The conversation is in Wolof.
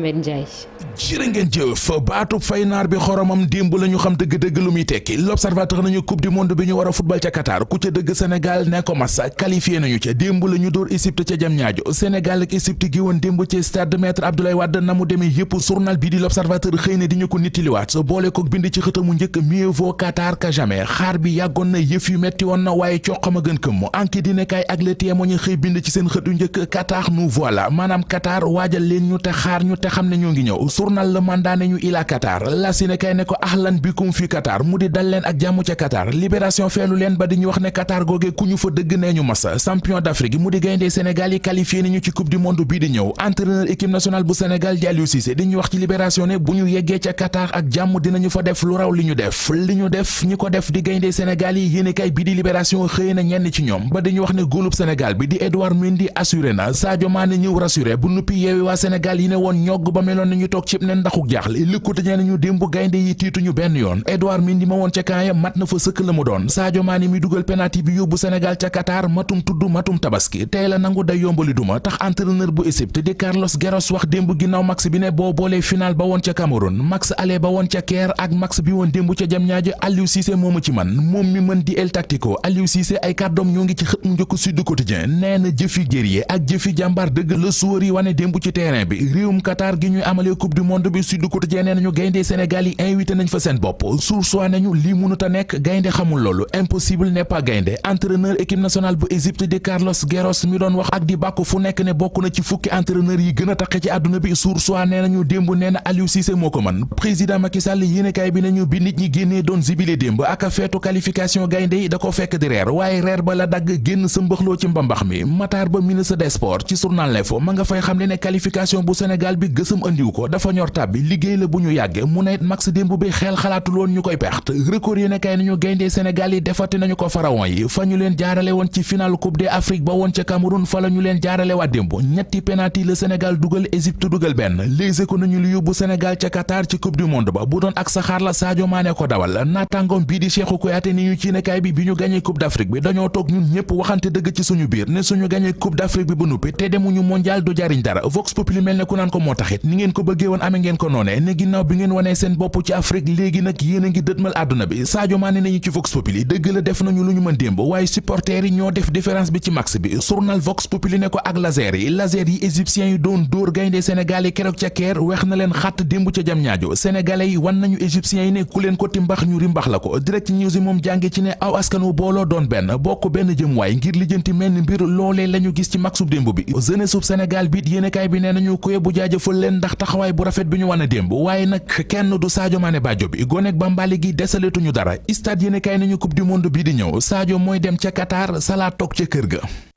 Mohamed Ndiaye. jërë ngeen jëf baatub fay naar bi xoromam démb la ñu xam dëgg-dëgg lu muy tekki l'observateur nañu coupe du monde bi ñu war a ca Qatar ku ca dëgg Sénégal ne ko mas qualifié nañu ca démb la ñu Égypte ca jam ñaajo Sénégal ak Égypte gi démb ci stade maître Abdoulaye Wade na mu demee yëpp journal bi di l'observateur xëy na di ñu ko nittiliwaat boole kook bind ci xëtamu njëkk mieux vaut Qatar que jamais xaar bi yàggoon na yëf yu metti waaye coqam a xam ne ñoo ngi ñëw journal Le Mandat ne ñu ila Qatar la si ne kay ne ko ahlan bikum fi Qatar mu di dal leen ak jàmm ca Qatar libération feelu leen ba di ñu wax ne Qatar googe ku ñu fa dëgg nee ñu mas champion d'Afrique mu di gayndee Sénégal yi ci coupe du monde bii di ñëw entraîneur équipe nationale bu Sénégal di Aliou di ñu wax ci libération ne bu ñu yeggee ca Qatar ak jàmm dinañu fa def lu raw li ñu def li ñu def ñi ko def di gayndee Sénégal yi yéene bi bii di libération xëy na ñenn ci ñoom ba di ñu wax ne bi di Edouard Mendy assuré na Sadio Mané ñëw rassuré bu nuppi yeewi yi ne woon ñoo togg ba meloon ni ñu toog cib nen ndaxuk jaaxle Le Quotidien ñu démb gaynde yi tiituñu benn yoon Edouard Mendy ma woon ca kaayam mat na fa sëkk la mu doon Sadio mi dugal penalty bi yóbbu Sénégal ca Qatar matum tudd matum tabaski tey la nangu day yombali tax entraîneur bu Égypte di Carlos Queiroz wax démb ginnaaw max bi ne boo boolee final ba woon ca Cameroun max ale ba woon ca Caire ak max bi woon démb ca Diamniadio Aliou Cissé moomu ci man moom Qatar gi ñuy amalee coupe du monde bi Sud Quotidien nee nañu gaynde Sénégal yi invité nañ fa seen bopp sursoi nañu lii mënut a nekk gaynde xamul loolu impossible n'est pas gaynde entraîneur équipe nationale bu Égypte di Carlos Queiroz mi doon wax ak di bàkku fu nekk ne bokk na ci fukki entraîneur yi gën a taqe ci àdduna bi sursoi nee nañu démb ne na Aliou Cissé moo ko mën président Macky Sall yéenekaay bi nañu bi nit ñi génnee doon zibile démb ak feetu qualification gaynde da ko fekk di reer waaye ba la dagg génn sa mbëxloo ci mbambax mi Matar Ba ministre des sports ci journal L'Info ma nga fay xam ne ne bu Sénégal nag gësam ko dafa ñor tab liggéey la bu ñu yàggee mu ne max démb bi xel xalaatul woon ñu koy perte record yéen kay nañu gaynde Sénégal yi defati nañu ko pharaon yi fa ñu leen jaarale woon ci final coupe d'Afrique ba woon ca Cameroun fa la ñu leen jaarale waa ñetti penalty la Sénégal dugal Égypte dugal benn léegi ko nañu li yóbbu Sénégal ca Qatar ci coupe du monde ba bu doon ak saxaar la Sadio Mané ko dawal naataangoom bii di Cheikhou Kouyaté ni bi bi ñu gàñee coupe d'Afrique ñëpp waxante dëgg ci suñu biir ne suñu gàñee coupe d'Afrique bi ba nuppi te jariñ dara vox ne ku naan moo taxit ni ngeen ko bëggee woon amee ngeen ko noonee ne ginnaaw bi ngeen wanee seen bopp ci Afrique léegi nag yéen a ngi àdduna bi Sadio Mané nañu ci Vox Populi dëgg la def nañu lu ñu mën démb waaye supporters yi ñoo def différence bi ci max bi journal Vox Populi ne ko ak laser yi laser yi égyptiens yi doon dóor gaynde Sénégal yi keroog ca Caire weex na leen xàtt démb ca jam ñaajo sénégalais yi wan nañu égyptiens yi ne ku leen ko timbax ñu rimbax la ko direct news yi moom jànge ci ne aw doon benn bokk benn jëm waay ngir lijjanti mel ni mbir loolee la ñu gis ci bi jeunesse sub Sénégal biit yéenekaay bi nee nañu koy jaajëfal leen ndax taxawaay bu rafet bi ñu wane démb waaye nag kenn du Sadio Mané Badio bi gonek Bambali gi desaletuñu dara stade yéene kaay nañu coupe du monde bi di ñëw Sadio mooy dem ca Qatar Salah toog ca kër ga